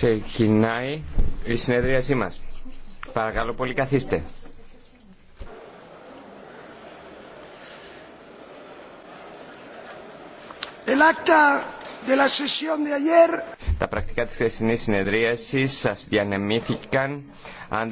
Ξεκινάει η συνεδρίασή μας. Παρακαλώ πολύ καθίστε. Τα πρακτικά της χθεσινής συνεδρίασης σας διανεμήθηκαν.